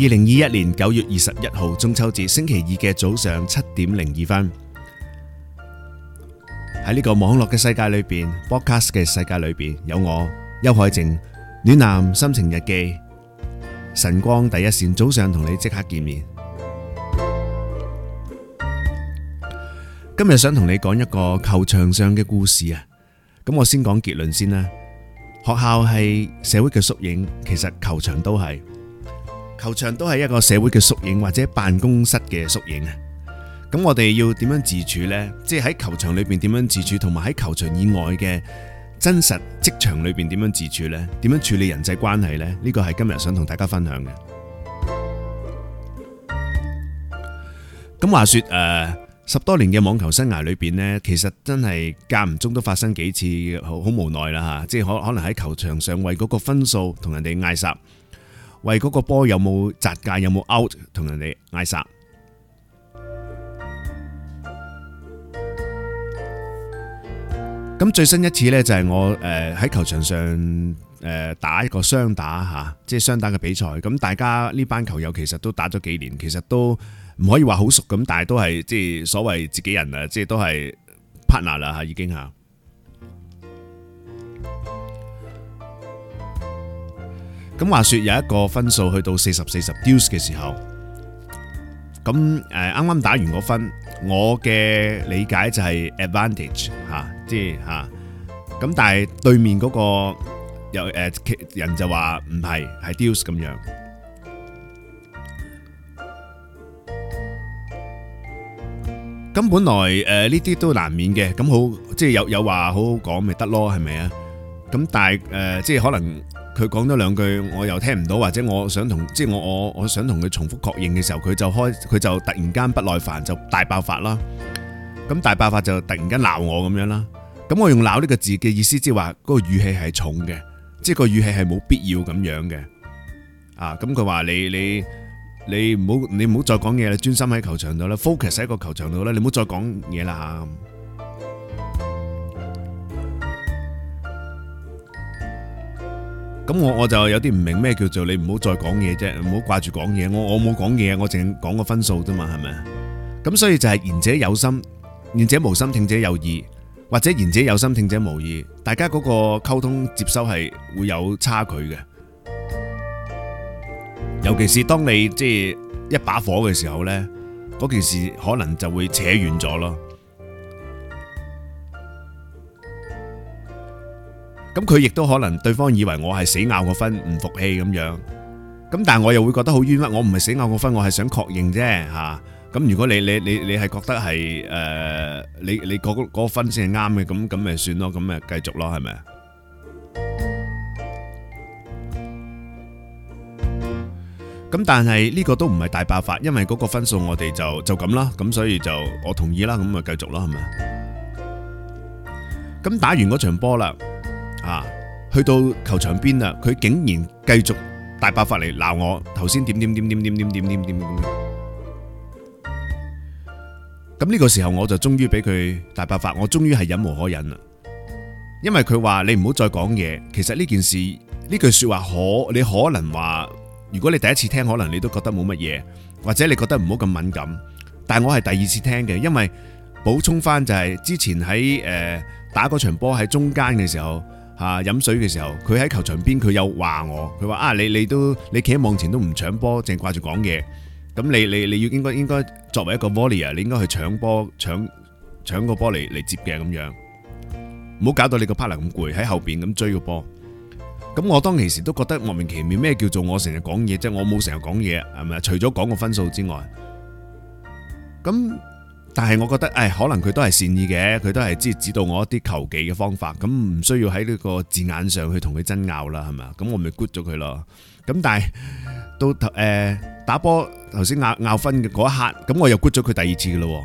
二零二一年九月二十一號中秋節星期二嘅早上七點零二分，喺呢個網絡嘅世界裏邊 broadcast 嘅世界裏邊有我邱海靜暖男心情日記晨光第一線早上同你即刻見面。今日想同你講一個球場上嘅故事啊！咁我先講結論先啦。學校係社會嘅縮影，其實球場都係。球場都係一個社會嘅縮影或者辦公室嘅縮影啊！咁我哋要點樣自處呢？即係喺球場裏邊點樣自處，同埋喺球場以外嘅真實職場裏邊點樣自處呢？點樣處理人際關係呢？呢個係今日想同大家分享嘅。咁話說誒，十多年嘅網球生涯裏邊呢，其實真係間唔中都發生幾次好好無奈啦，即係可可能喺球場上為嗰個分數同人哋嗌殺。為嗰個波有冇擇界，有冇 out，同人哋嗌殺。咁最新一次呢，就係我誒喺球場上誒打一個雙打吓，即係雙打嘅比賽。咁大家呢班球友其實都打咗幾年，其實都唔可以話好熟咁，但係都係即係所謂自己人啊，即係都係 partner 啦吓，已經吓。咁話說有一個分數去到四十四十，deuce 嘅時候，咁誒啱啱打完個分，我嘅理解就係 advantage 吓，即係吓。咁但係對面嗰個又誒人就話唔係，係 deuce 咁樣。咁本來誒呢啲都難免嘅，咁好，即係有有話好好講咪得咯，係咪啊？咁但係誒，即係可能。佢講多兩句，我又聽唔到，或者我想同即係我我我想同佢重複確認嘅時候，佢就開佢就突然間不耐煩就大爆發啦。咁大爆發就突然間鬧我咁樣啦。咁我用鬧呢個字嘅意思，即係話嗰個語氣係重嘅，即係個語氣係冇必要咁樣嘅。啊，咁佢話你你你唔好你唔好再講嘢啦，專心喺球場度啦，focus 喺個球場度啦，你唔好再講嘢啦吓。咁我我就有啲唔明咩叫做你唔好再講嘢啫，唔好掛住講嘢。我我冇講嘢，我淨講個分數啫嘛，係咪？咁所以就係言者有心，言者無心，聽者有意，或者言者有心，聽者無意，大家嗰個溝通接收係會有差距嘅。尤其是當你即係、就是、一把火嘅時候呢，嗰件事可能就會扯遠咗咯。咁佢亦都可能，對方以為我係死拗個分，唔服氣咁樣。咁但係我又會覺得好冤屈，我唔係死拗個分，我係想確認啫吓。咁如果你你你你係覺得係誒，你你嗰嗰個分先係啱嘅，咁咁咪算咯，咁咪繼續咯，係咪啊？咁但係呢個都唔係大爆發，因為嗰個分數我哋就就咁啦。咁所以就我同意啦，咁咪繼續咯，係咪啊？咁打完嗰場波啦。啊！去到球場邊啦，佢竟然繼續大爆發嚟鬧我，頭先點點點點點點點點咁。咁呢個時候我就終於俾佢大爆發，我終於係忍無可忍啦。因為佢話你唔好再講嘢。其實呢件事呢句說話可你可能話，如果你第一次聽，可能你都覺得冇乜嘢，或者你覺得唔好咁敏感。但係我係第二次聽嘅，因為補充翻就係、是、之前喺誒、呃、打嗰場波喺中間嘅時候。啊，飲水嘅時候，佢喺球場邊，佢又話我，佢話啊，你你都你企喺網前都唔搶波，淨係掛住講嘢，咁你你你要應該應該作為一個 volleyer，你應該去搶波搶搶個波嚟嚟接嘅咁樣，唔好搞到你個 partner 咁攰喺後邊咁追個波。咁我當其時都覺得莫名其妙，咩叫做我成日講嘢？即係我冇成日講嘢，係咪？除咗講個分數之外，咁。但係我覺得誒、哎，可能佢都係善意嘅，佢都係即係指導我一啲球技嘅方法，咁唔需要喺呢個字眼上去同佢爭拗啦，係嘛？咁我咪 good 咗佢咯。咁但係到頭誒、呃、打波頭先拗拗分嘅嗰一刻，咁我又 good 咗佢第二次嘅咯。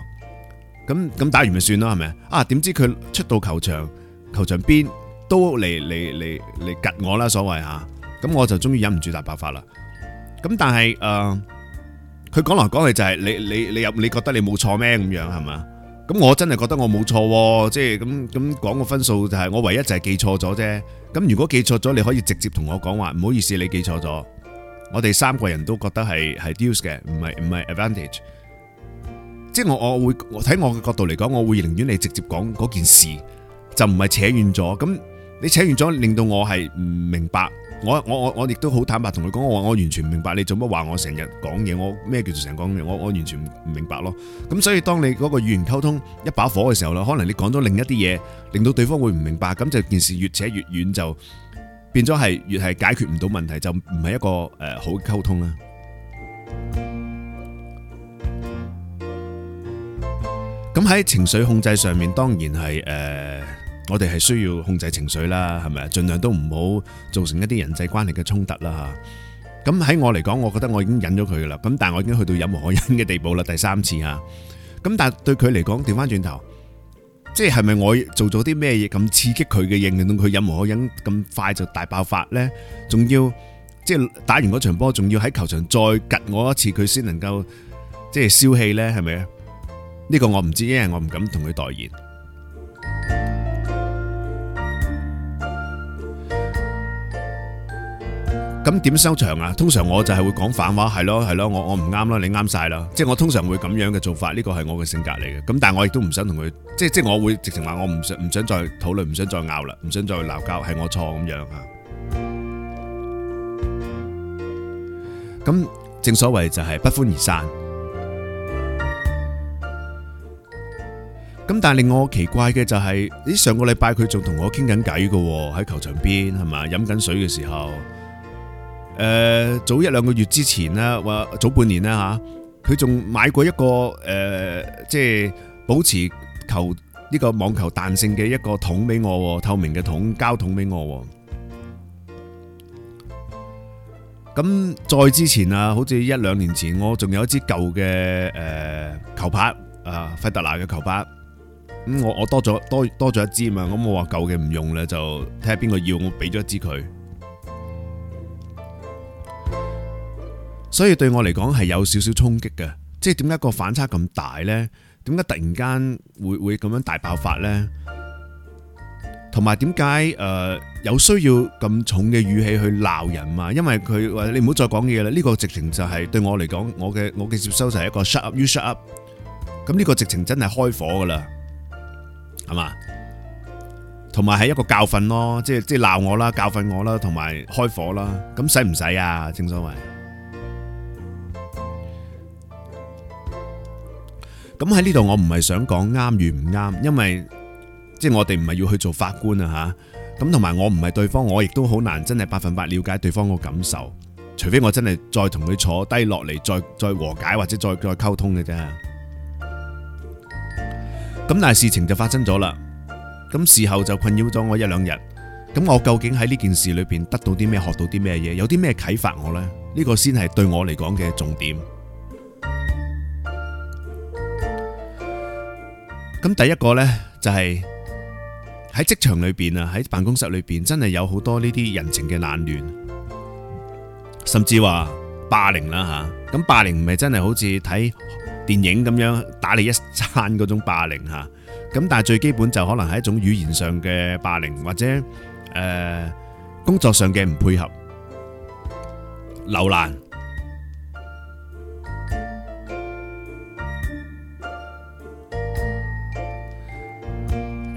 咁咁打完咪算咯，係咪啊？點知佢出到球場，球場邊都嚟嚟嚟嚟吉我啦，所謂吓，咁我就終於忍唔住大爆發啦。咁但係誒。呃佢講來講去就係你你你有你覺得你冇錯咩，咁樣係嘛？咁我真係覺得我冇錯喎，即係咁，咁講個分數就係我唯一就係記錯咗啫。咁如果記錯咗，你可以直接同我講話，唔好意思，你記錯咗。我哋三個人都覺得係係 deuce 嘅，唔係唔係 advantage。即係，就是，我我會我喺我嘅角度嚟講，我會寧願你直接講嗰件事，就唔係扯遠咗。咁你扯遠咗，令到我係唔明白。我我我我亦都好坦白同佢講，我我完全唔明白你做乜話我成日講嘢，我咩叫做成日講嘢，我我完全唔明白咯。咁所以當你嗰個語言溝通一把火嘅時候咧，可能你講咗另一啲嘢，令到對方會唔明白，咁就件事越扯越遠，就變咗係越係解決唔到問題，就唔係一個誒好嘅溝通啦。咁喺情緒控制上面，當然係誒。我哋係需要控制情緒啦，係咪啊？盡量都唔好造成一啲人際關係嘅衝突啦。咁喺我嚟講，我覺得我已經忍咗佢噶啦。咁但係我已經去到忍無可忍嘅地步啦，第三次啊。咁但係對佢嚟講，調翻轉頭，即係係咪我做咗啲咩嘢咁刺激佢嘅應，令到佢忍無可忍，咁快就大爆發呢？仲要即係、就是、打完嗰場波，仲要喺球場再吉我一次，佢先能夠即係、就是、消氣呢，係咪啊？呢、這個我唔知，因為我唔敢同佢代言。咁點收場啊？通常我就係會講反話，係咯，係咯，我我唔啱咯，你啱晒啦，即係我通常會咁樣嘅做法，呢個係我嘅性格嚟嘅。咁但係我亦都唔想同佢，即係，即係我會直情話我唔想，唔想再討論，唔想再拗啦，唔想再鬧交，係我錯咁樣啊。咁正所謂就係不歡而散。咁但係令我奇怪嘅就係，咦？上個禮拜佢仲同我傾緊偈嘅喎，喺球場邊係嘛飲緊水嘅時候。誒、呃，早一兩個月之前啦，或、呃、早半年啦吓，佢、啊、仲買過一個誒、呃，即係保持球呢、這個網球彈性嘅一個桶俾我，透明嘅桶，膠桶俾我。咁再之前啊，好似一兩年前，我仲有一支舊嘅誒、呃、球拍啊，費德拿嘅球拍。咁我我多咗多多咗一支嘛，咁我話舊嘅唔用啦，就睇下邊個要，我俾咗一支佢。所以對我嚟講係有少少衝擊嘅，即係點解個反差咁大呢？點解突然間會會咁樣大爆發呢？同埋點解誒有需要咁重嘅語氣去鬧人嘛？因為佢或者你唔好再講嘢啦，呢個直情就係對我嚟講，我嘅我嘅接收就係一個 shut up，you shut up。咁呢個直情真係開火噶啦，係嘛？同埋係一個教訓咯，即係即係鬧我啦，教訓我啦，同埋開火啦。咁使唔使啊？正所謂。咁喺呢度，我唔係想講啱與唔啱，因為即係、就是、我哋唔係要去做法官啊吓。咁同埋我唔係對方，我亦都好難真係百分百了解對方個感受，除非我真係再同佢坐低落嚟，再再和解或者再再溝通嘅啫。咁但係事情就發生咗啦，咁事後就困擾咗我一兩日。咁我究竟喺呢件事裏邊得到啲咩，學到啲咩嘢，有啲咩啟發我呢？呢、呢個先係對我嚟講嘅重點。咁第一個呢就係喺職場裏邊啊，喺辦公室裏邊真係有好多呢啲人情嘅冷暖，甚至話霸凌啦吓。咁霸凌唔係真係好似睇電影咁樣打你一餐嗰種霸凌吓，咁但係最基本就可能係一種語言上嘅霸凌，或者誒、呃、工作上嘅唔配合、留難。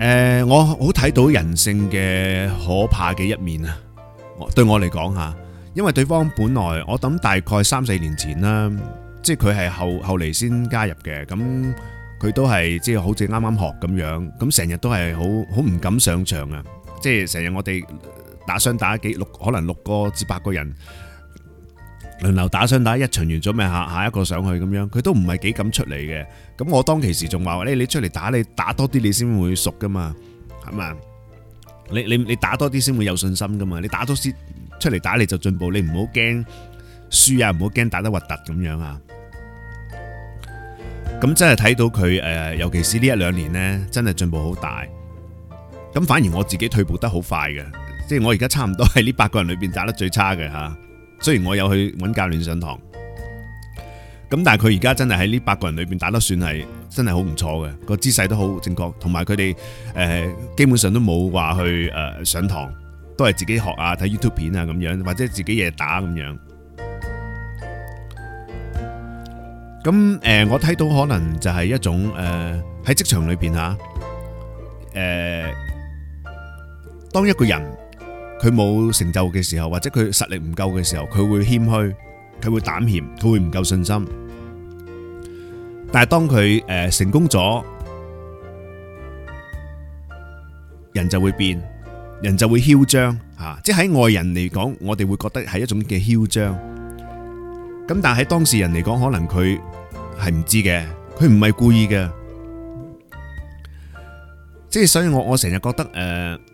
誒、呃，我好睇到人性嘅可怕嘅一面啊！我對我嚟講吓，因為對方本來我諗大概三四年前啦，即係佢係後後嚟先加入嘅，咁佢都係即係好似啱啱學咁樣，咁成日都係好好唔敢上場啊！即係成日我哋打雙打幾六，可能六個至八個人。輪流打雙打，一場完咗咪下下一個上去咁樣，佢都唔係幾敢出嚟嘅。咁我當其時仲話，咧你出嚟打，你打多啲，你先會熟噶嘛，係嘛？你你你打多啲先會有信心噶嘛？你打多先出嚟打你就進步，你唔好驚輸啊，唔好驚打得核突咁樣啊！咁真係睇到佢誒，尤其是呢一兩年呢，真係進步好大。咁反而我自己退步得好快嘅，即係我而家差唔多係呢八個人裏邊打得最差嘅吓。雖然我有去揾教練上堂，咁但係佢而家真係喺呢八個人裏邊打得算係真係好唔錯嘅，個姿勢都好正確，同埋佢哋誒基本上都冇話去誒上堂，都係自己學啊睇 YouTube 片啊咁樣，或者自己嘢打咁樣。咁誒，我睇到可能就係一種誒喺職場裏邊吓，誒，當一個人。佢冇成就嘅時候，或者佢實力唔夠嘅時候，佢會謙虛，佢會膽怯，佢會唔夠信心。但係當佢誒成功咗，人就會變，人就會囂張吓，即係喺外人嚟講，我哋會覺得係一種嘅囂張。咁但係喺當事人嚟講，可能佢係唔知嘅，佢唔係故意嘅。即係所以我我成日覺得誒。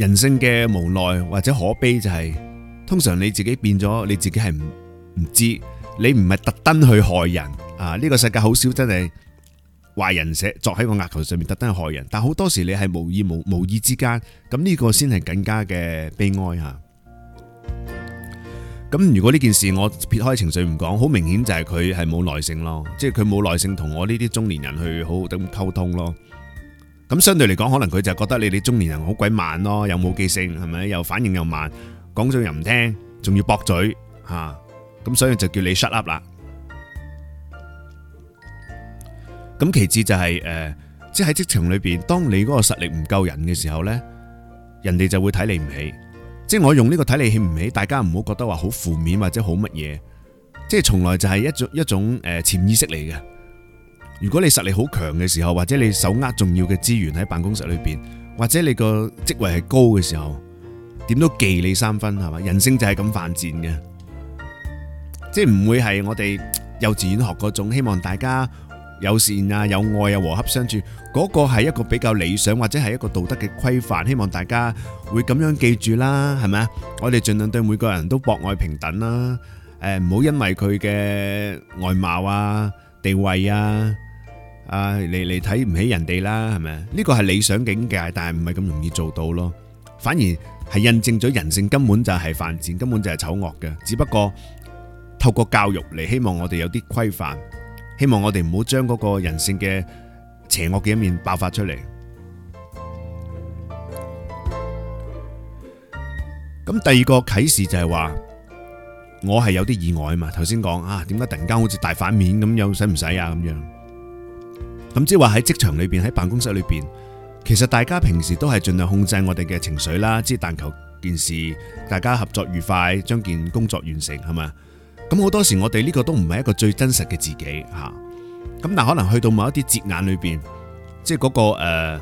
人性嘅無奈或者可悲就係，通常你自己變咗，你自己係唔唔知，你唔係特登去害人啊！呢個世界好少真係壞人寫作喺個額頭上面特登去害人，但好多時你係無意無無意之間，咁呢個先係更加嘅悲哀吓。咁如果呢件事我撇開情緒唔講，好明顯就係佢係冇耐性咯，即係佢冇耐性同我呢啲中年人去好好咁溝通咯。咁相對嚟講，可能佢就係覺得你哋中年人好鬼慢咯，又冇記性，係咪？又反應又慢，講咗又唔聽，仲要駁嘴，吓，咁，所以就叫你 shut up 啦。咁其次就係誒，即係喺職場裏邊，當你嗰個實力唔夠人嘅時候呢，人哋就會睇你唔起。即係我用呢個睇你唔起，大家唔好覺得話好負面或者好乜嘢。即係從來就係一種一種誒潛意識嚟嘅。如果你實力好強嘅時候，或者你手握重要嘅資源喺辦公室裏邊，或者你個職位係高嘅時候，點都忌你三分係嘛？人性就係咁犯賤嘅，即係唔會係我哋幼稚園學嗰種，希望大家友善啊、有愛啊、和洽相處，嗰個係一個比較理想或者係一個道德嘅規範，希望大家會咁樣記住啦，係咪啊？我哋盡量對每個人都博愛平等啦，誒唔好因為佢嘅外貌啊、地位啊。啊！你你睇唔起人哋啦，係咪啊？呢個係理想境界，但係唔係咁容易做到咯。反而係印證咗人性根本就係犯賤，根本就係醜惡嘅。只不過透過教育嚟希望我哋有啲規範，希望我哋唔好將嗰個人性嘅邪惡嘅一面爆發出嚟。咁第二個啟示就係話，我係有啲意外啊嘛。頭先講啊，點解突然間好似大反面咁樣，使唔使啊咁樣？咁即係話喺職場裏邊，喺辦公室裏邊，其實大家平時都係盡量控制我哋嘅情緒啦。即係但求件事，大家合作愉快，將件工作完成係咪？咁好多時我哋呢個都唔係一個最真實嘅自己吓。咁但可能去到某一啲節眼裏邊，即係、那、嗰個誒、呃、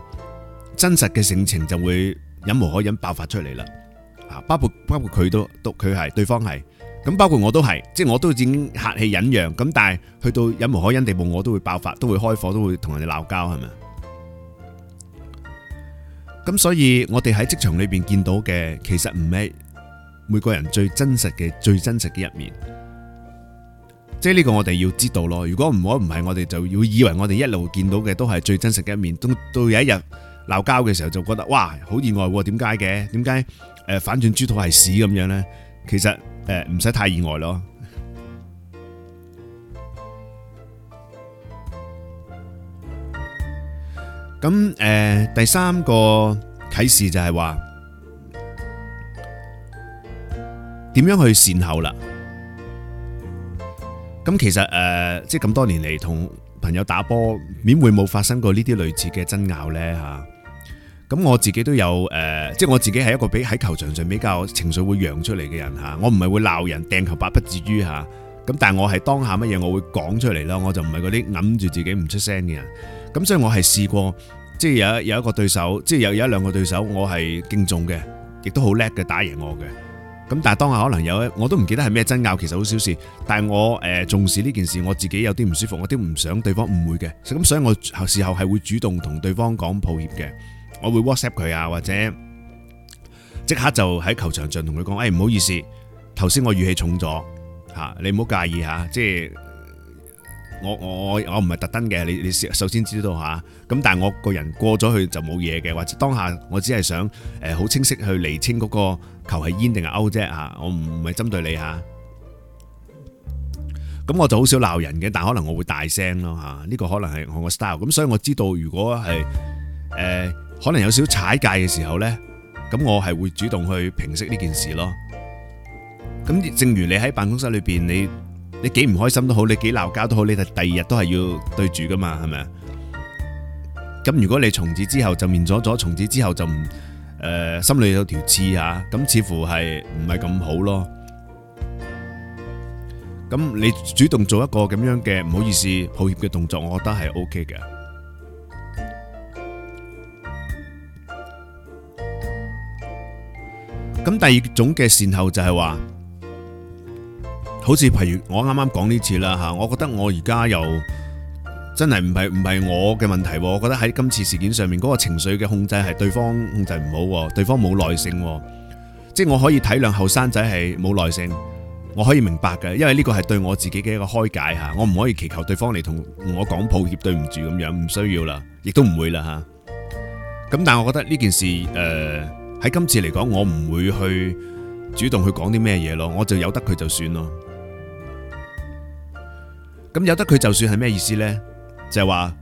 真實嘅性情就會忍無可忍爆發出嚟啦。包括包括佢都都佢係對方係。咁包括我都係，即係我都已經客氣忍讓，咁但係去到忍無可忍地步，我都會爆發，都會開火，都會同人哋鬧交，係咪啊？咁所以，我哋喺職場裏邊見到嘅，其實唔係每個人最真實嘅最真實嘅一面，即係呢個我哋要知道咯。如果唔好唔係，我哋就要以為我哋一路見到嘅都係最真實嘅一面，到有一日鬧交嘅時候，就覺得哇，好意外喎，點解嘅？點解誒，反轉豬肚係屎咁樣呢？其實。誒，唔使太意外咯。咁、呃、誒，第三個啟示就係話，點樣去善後啦？咁其實誒、呃，即係咁多年嚟同朋友打波，免會冇發生過呢啲類似嘅爭拗咧吓。咁我自己都有誒，即係我自己係一個比喺球場上比較情緒會揚出嚟嘅人嚇。我唔係會鬧人掟球，百不至於嚇。咁但係我係當下乜嘢，我會講出嚟咯。我就唔係嗰啲揞住自己唔出聲嘅人。咁所以我係試過，即係有有一個對手，即係有有一兩個對手，我係敬重嘅，亦都好叻嘅，打贏我嘅。咁但係當下可能有咧，我都唔記得係咩爭拗，其實好小事。但係我誒重視呢件事，我自己有啲唔舒服，我都唔想對方誤會嘅。咁所以我後時候係會主動同對方講抱歉嘅。我會 WhatsApp 佢啊，或者即刻就喺球場上同佢講，誒唔好意思，頭先我語氣重咗吓，你唔好介意吓，即係我我我唔係特登嘅，你你首首先知道吓。咁但係我個人過咗去就冇嘢嘅，或者當下我只係想誒好清晰去厘清嗰個球係 in 定係 out 啫吓，我唔唔係針對你吓。咁我就好少鬧人嘅，但可能我會大聲咯吓，呢個可能係我個 style，咁所以我知道如果係誒。可能有少少踩界嘅時候呢，咁我係會主動去平息呢件事咯。咁正如你喺辦公室裏邊，你你幾唔開心都好，你幾鬧交都好，你第第二日都係要對住噶嘛，係咪啊？咁如果你從此之後就面咗咗，從此之後就唔誒、呃、心裏有條刺吓，咁似乎係唔係咁好咯。咁你主動做一個咁樣嘅唔好意思抱歉嘅動作，我覺得係 OK 嘅。咁第二種嘅善後就係話，好似譬如我啱啱講呢次啦吓，我覺得我而家又真係唔係唔係我嘅問題，我覺得喺今次事件上面嗰個情緒嘅控制係對方控制唔好，對方冇耐性，即係我可以體諒後生仔係冇耐性，我可以明白嘅，因為呢個係對我自己嘅一個開解吓，我唔可以祈求對方嚟同我講抱歉對唔住咁樣，唔需要啦，亦都唔會啦吓。咁但係我覺得呢件事誒。呃喺今次嚟講，我唔會去主動去講啲咩嘢咯，我就由得佢就算咯。咁由得佢就算係咩意思呢？就係話，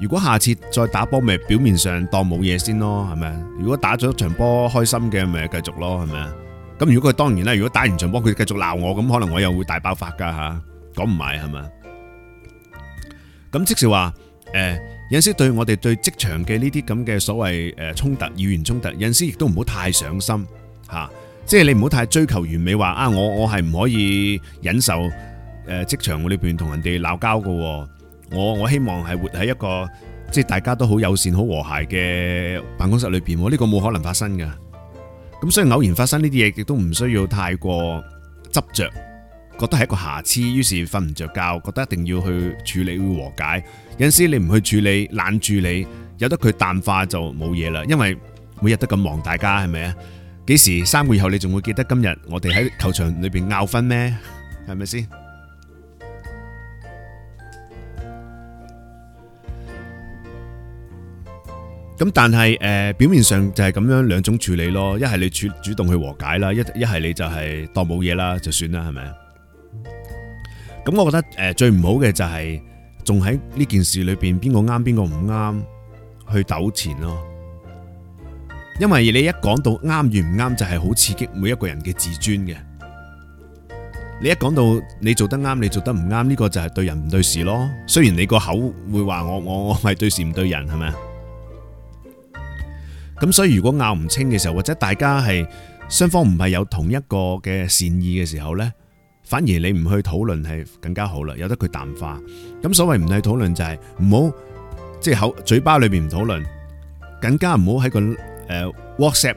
如果下次再打波，咪表面上當冇嘢先咯，係咪？如果打咗場波開心嘅，咪繼續咯，係咪啊？咁如果佢當然啦，如果打完場波佢繼續鬧我，咁可能我又會大爆發噶嚇，講唔埋係咪啊？咁即是話，誒。有陣時對我哋對職場嘅呢啲咁嘅所謂誒衝突、語言衝突，有陣時亦都唔好太上心吓、啊，即係你唔好太追求完美話啊！我我係唔可以忍受誒職場裏邊同人哋鬧交嘅，我我希望係活喺一個即係大家都好友善、好和諧嘅辦公室裏邊，呢、呢個冇可能發生嘅。咁所以偶然發生呢啲嘢，亦都唔需要太過執着。覺得係一個瑕疵，於是瞓唔着覺，覺得一定要去處理去和解。有陣時你唔去處理，冷處理，由得佢淡化就冇嘢啦。因為每日都咁忙，大家係咪啊？幾時三個月後你仲會記得今日我哋喺球場裏邊拗分咩？係咪先？咁但係誒，表面上就係咁樣兩種處理咯，一係你主主動去和解啦，一一係你就係當冇嘢啦，就算啦，係咪？咁我覺得誒、最唔好嘅就係仲喺呢件事裏邊邊個啱邊個唔啱去糾纏咯，因為你一講到啱與唔啱就係好刺激每一個人嘅自尊嘅，你一講到你做得啱你做得唔啱呢個就係對人唔對事咯，雖然你個口會話我我我係對事唔對人係咪啊？咁所以如果拗唔清嘅時候或者大家係雙方唔係有同一個嘅善意嘅時候呢。反而你唔去討論係更加好啦，由得佢淡化。咁所謂唔係討論就係唔好即係口嘴巴裏邊唔討論，更加唔好喺個誒、呃、WhatsApp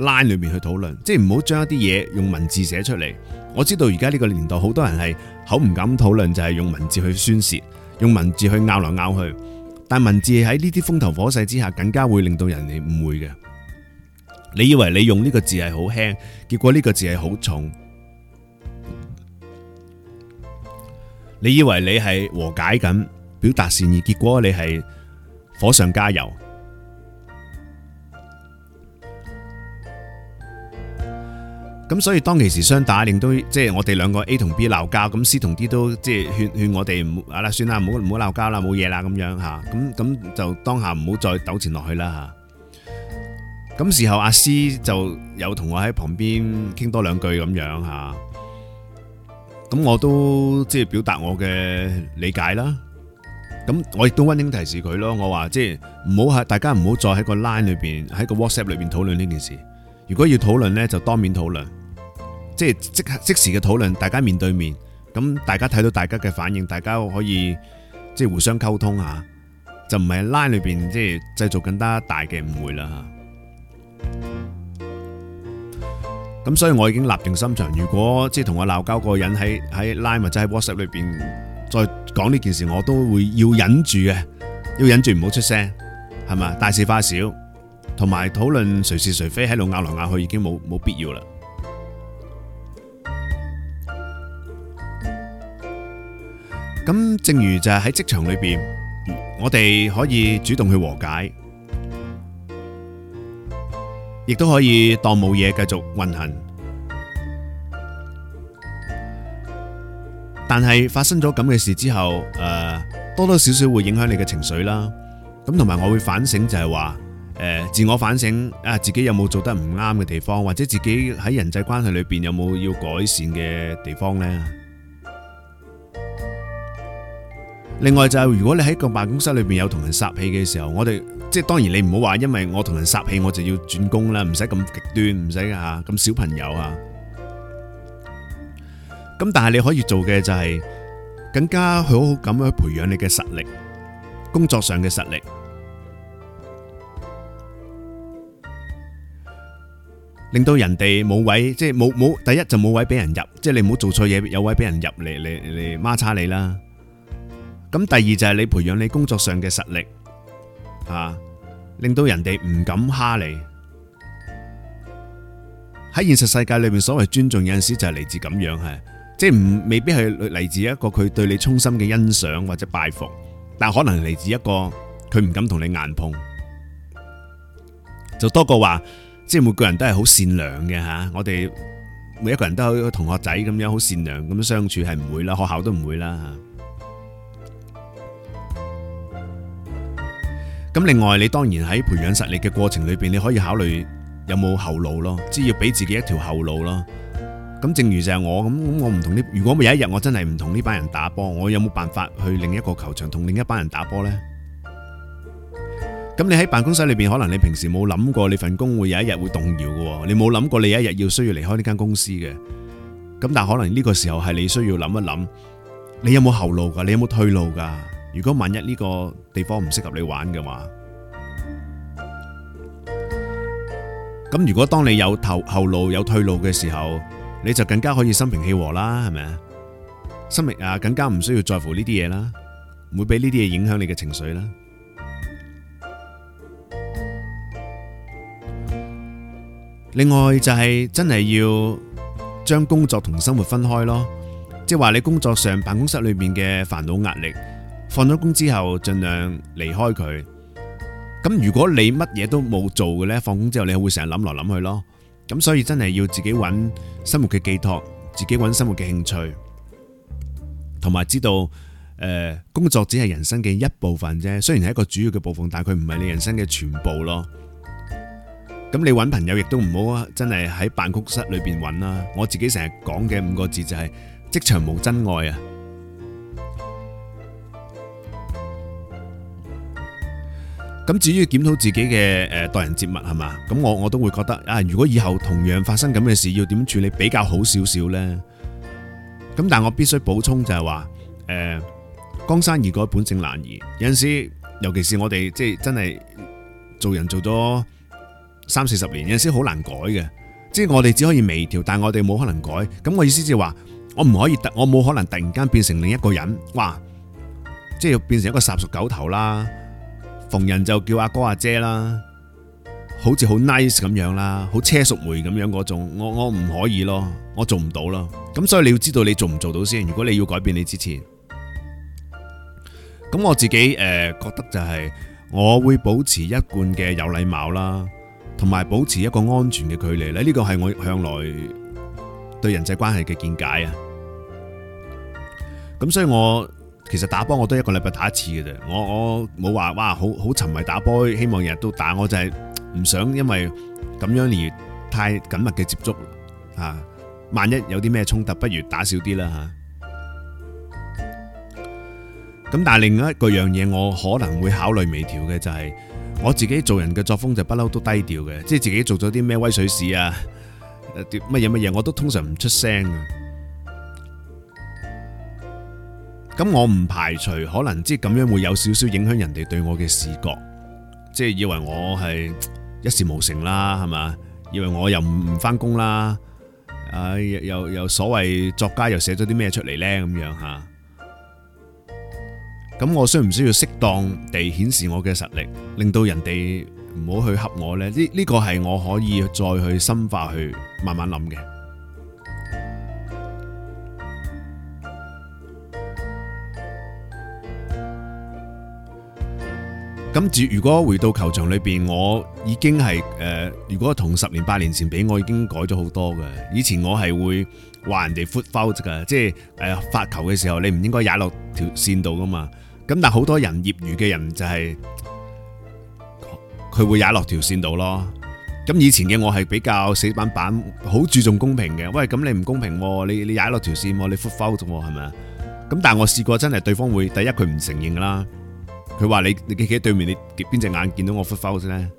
line 裏面去討論，即係唔好將一啲嘢用文字寫出嚟。我知道而家呢個年代好多人係口唔敢討論，就係用文字去宣泄，用文字去拗嚟拗去。但文字喺呢啲風頭火勢之下，更加會令到人哋誤會嘅。你以為你用呢個字係好輕，結果呢個字係好重。你以為你係和解咁，表達善意，結果你係火上加油。咁所以當其時雙打，令到即係我哋兩個 A 同 B 鬧交，咁 C 同 D 都即係勸勸我哋唔，啊啦，算啦，唔好唔好鬧交啦，冇嘢啦，咁樣吓，咁咁就當下唔好再糾纏落去啦吓。咁時候阿 C 就又同我喺旁邊傾多兩句咁樣吓。咁我都即係表達我嘅理解啦。咁我亦都溫馨提示佢咯，我話即係唔好喺大家唔好再喺個 Line 裏邊喺個 WhatsApp 裏邊討論呢件事。如果要討論呢，就當面討論，即係即即時嘅討論，大家面對面。咁大家睇到大家嘅反應，大家可以即係互相溝通下，就唔係 Line 裏邊即係製造更加大嘅誤會啦。咁所以我已經立定心腸，如果即係同我鬧交嗰個人喺喺 Line 或者喺 WhatsApp 裏邊再講呢件事，我都會要忍住嘅，要忍住唔好出聲，係嘛？大事化小，同埋討論誰是誰非喺度拗來拗去已經冇冇必要啦。咁正如就係喺職場裏邊，我哋可以主動去和解。亦都可以當冇嘢，繼續運行，但係發生咗咁嘅事之後，誒、呃、多多少少會影響你嘅情緒啦。咁同埋我會反省就是說，就係話誒，自我反省啊，自己有冇做得唔啱嘅地方，或者自己喺人際關係裏邊有冇要改善嘅地方呢？另外就係如果你喺個辦公室裏邊有同人撒氣嘅時候，我哋即係當然你唔好話，因為我同人撒氣，我就要轉工啦，唔使咁極端，唔使噶吓咁小朋友吓。咁但係你可以做嘅就係更加好好咁樣去培養你嘅實力，工作上嘅實力，令到人哋冇位，即係冇冇第一就冇位俾人入，即係你唔好做錯嘢，有位俾人入嚟嚟嚟孖叉你啦。咁第二就係你培養你工作上嘅實力，吓令到人哋唔敢蝦你。喺現實世界裏面，所謂尊重有陣時就係嚟自咁樣，係即係唔未必係嚟自一個佢對你衷心嘅欣賞或者拜服，但係可能嚟自一個佢唔敢同你硬碰，就多過話即係每個人都係好善良嘅吓。我哋每一個人都好似同學仔咁樣好善良咁樣相處，係唔會啦，學校都唔會啦。咁另外，你當然喺培養實力嘅過程裏邊，你可以考慮有冇後路咯，即係要俾自己一條後路咯。咁正如就係我咁，我唔同呢，如果有一日我真係唔同呢班人打波，我有冇辦法去另一個球場同另一班人打波呢？咁你喺辦公室裏邊，可能你平時冇諗過你份工會有一日會動搖嘅，你冇諗過你有一日要需要離開呢間公司嘅。咁但係可能呢個時候係你需要諗一諗，你有冇後路噶？你有冇退路噶？如果萬一呢個地方唔適合你玩嘅話，咁如果當你有頭後路有退路嘅時候，你就更加可以心平氣和啦，係咪啊？心平啊，更加唔需要在乎呢啲嘢啦，唔會俾呢啲嘢影響你嘅情緒啦。另外就係真係要將工作同生活分開咯，即係話你工作上辦公室裏面嘅煩惱壓力。放咗工之後，盡量離開佢。咁如果你乜嘢都冇做嘅呢，放工之後你會成日諗來諗去咯。咁所以真係要自己揾生活嘅寄託，自己揾生活嘅興趣，同埋知道誒工作只係人生嘅一部分啫。雖然係一個主要嘅部分，但係佢唔係你人生嘅全部咯。咁你揾朋友亦都唔好真係喺辦公室裏邊揾啦。我自己成日講嘅五個字就係職場無真愛啊！咁至於檢討自己嘅誒待人接物係嘛？咁我我都會覺得啊，如果以後同樣發生咁嘅事，要點處理比較好少少咧？咁但我必須補充就係話誒，江山易改本性難移。有陣時，尤其是我哋即係真係做人做咗三四十年，有陣時好難改嘅。即係我哋只可以微調，但我哋冇可能改。咁我意思就係話，我唔可以突，我冇可能突然間變成另一個人，哇！即係變成一個殺熟狗頭啦～逢人就叫阿哥阿姐啦，好似好 nice 咁樣啦，好車淑梅咁樣嗰種，我我唔可以咯，我做唔到咯。咁所以你要知道你做唔做到先。如果你要改變你之前，咁我自己誒、呃、覺得就係、是、我會保持一貫嘅有禮貌啦，同埋保持一個安全嘅距離咧。呢個係我向來對人際關係嘅見解啊。咁所以我。其實打波我都一個禮拜打一次嘅啫，我我冇話哇，好好沉迷打波，希望日日都打，我就係唔想因為咁樣而太緊密嘅接觸啊。萬一有啲咩衝突，不如打少啲啦吓。咁、啊、但係另外一個樣嘢，我可能會考慮微調嘅就係、是、我自己做人嘅作風就不嬲都低調嘅，即係自己做咗啲咩威水事啊，乜嘢乜嘢，我都通常唔出聲啊。咁我唔排除可能，即係咁樣會有少少影響人哋對我嘅視覺，即係以為我係一事無成啦，係嘛？以為我又唔唔翻工啦，啊又又所謂作家又寫咗啲咩出嚟，呢？咁樣吓，咁我需唔需要適當地顯示我嘅實力，令到人哋唔好去恰我呢？呢呢個係我可以再去深化去慢慢諗嘅。咁如果回到球場裏邊，我已經係誒、呃，如果同十年八年前比，我已經改咗好多嘅。以前我係會話人哋 footfault 噶，即係誒發球嘅時候，你唔應該踩落條線度噶嘛。咁但好多人業餘嘅人就係、是、佢會踩落條線度咯。咁以前嘅我係比較死板板，好注重公平嘅。喂，咁你唔公平，啊，你你踩落條線喎，你 footfault 喎，啊，係咪？咁但係我試過真係，對方會第一佢唔承認啦。佢話你你企喺對面，你邊隻眼見到我 foot foul 先咧？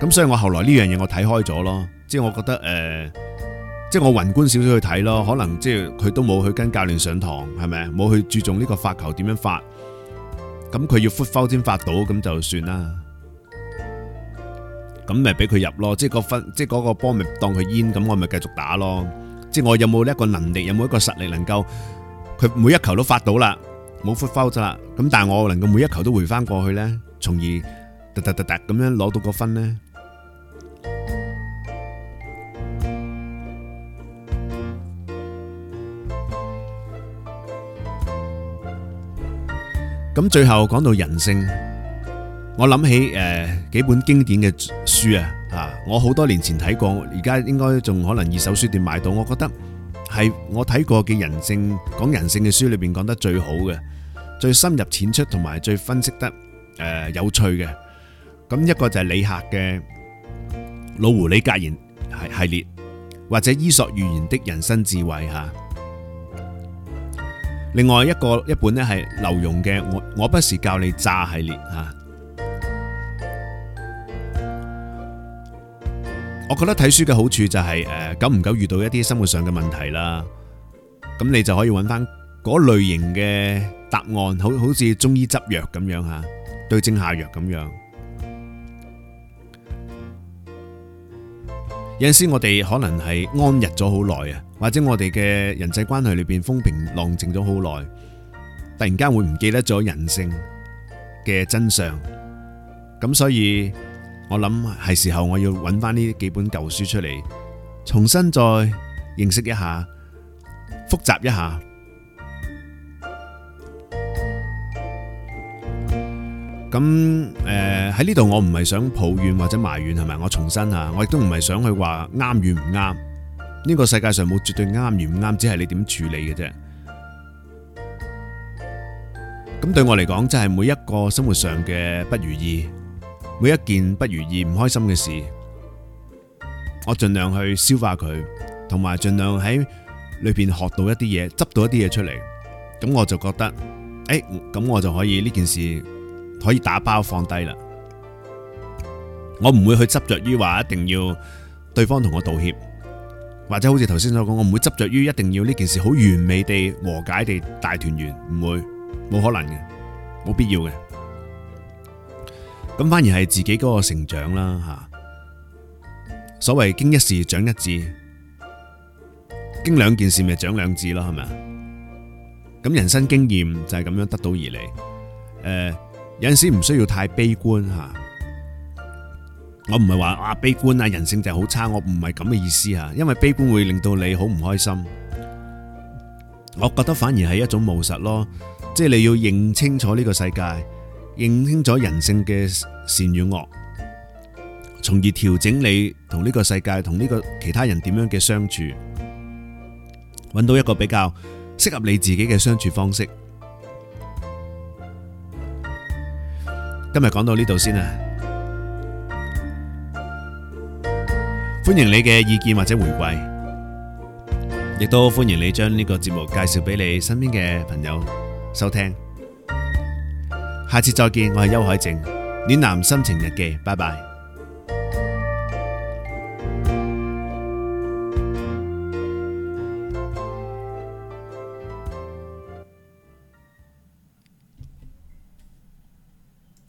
咁所以我後來呢樣嘢我睇開咗咯，即係我覺得誒、呃，即係我宏觀少少去睇咯，可能即係佢都冇去跟教練上堂，係咪？冇去注重呢個發球點樣發，咁佢要 foot foul 先發到，咁就算啦。咁咪俾佢入咯，即係個分，即係嗰個波咪當佢煙，咁我咪繼續打咯。即係我有冇呢一個能力，有冇一個實力能夠佢每一球都發到啦？冇 fault 啫啦，咁但係我能夠每一球都回翻過去咧，從而突突突突咁樣攞到個分咧。咁最後講到人性，我諗起誒幾本經典嘅書啊，啊，我好多年前睇過，而家應該仲可能二手書店買到，我覺得。係我睇過嘅人性講人性嘅書裏邊講得最好嘅，最深入淺出同埋最分析得誒、呃、有趣嘅。咁一個就係李赫嘅《老狐狸格言》係系列，或者《伊索寓言》的人生智慧吓。另外一個一本呢係劉墉嘅《我我不是教你詐》系列吓。我覺得睇書嘅好處就係，誒，久唔久遇到一啲生活上嘅問題啦，咁你就可以揾翻嗰類型嘅答案，好好似中醫執藥咁樣吓，對症下藥咁樣。有陣時我哋可能係安逸咗好耐啊，或者我哋嘅人際關係裏邊風平浪靜咗好耐，突然間會唔記得咗人性嘅真相，咁所以，我諗係時候，我要揾返呢幾本舊書出嚟，重新再認識一下，復習一下。咁誒喺呢度，呃，我唔係想抱怨或者埋怨，係咪？我重申啊，我亦都唔係想去話啱與唔啱。呢個世界上冇絕對啱與唔啱，只係你點處理嘅啫。咁對我嚟講，即係每一個生活上嘅不如意。每一件不如意、唔開心嘅事，我盡量去消化佢，同埋盡量喺裏邊學到一啲嘢，執到一啲嘢出嚟，咁我就覺得，誒，咁我就可以呢件事可以打包放低啦。我唔會去執着於話一定要對方同我道歉，或者好似頭先所講，我唔會執着於一定要呢件事好完美地和解地大團圓，唔會，冇可能嘅，冇必要嘅。咁反而係自己嗰個成長啦，吓所謂經一事長一智，經兩件事咪長兩智咯，係咪啊？咁人生經驗就係咁樣得到而嚟。誒，有陣時唔需要太悲觀吓，我唔係話哇悲觀啊，人性就好差，我唔係咁嘅意思吓。因為悲觀會令到你好唔開心，我覺得反而係一種務實咯，即係你要認清楚呢個世界。認清咗人性嘅善與惡，從而調整你同呢個世界、同呢個其他人點樣嘅相處，搵到一個比較適合你自己嘅相處方式。今日講到呢度先啊，歡迎你嘅意見或者回饋，亦都歡迎你將呢個節目介紹俾你身邊嘅朋友收聽。下次再見，我係邱海靜，戀男心情日記，拜拜。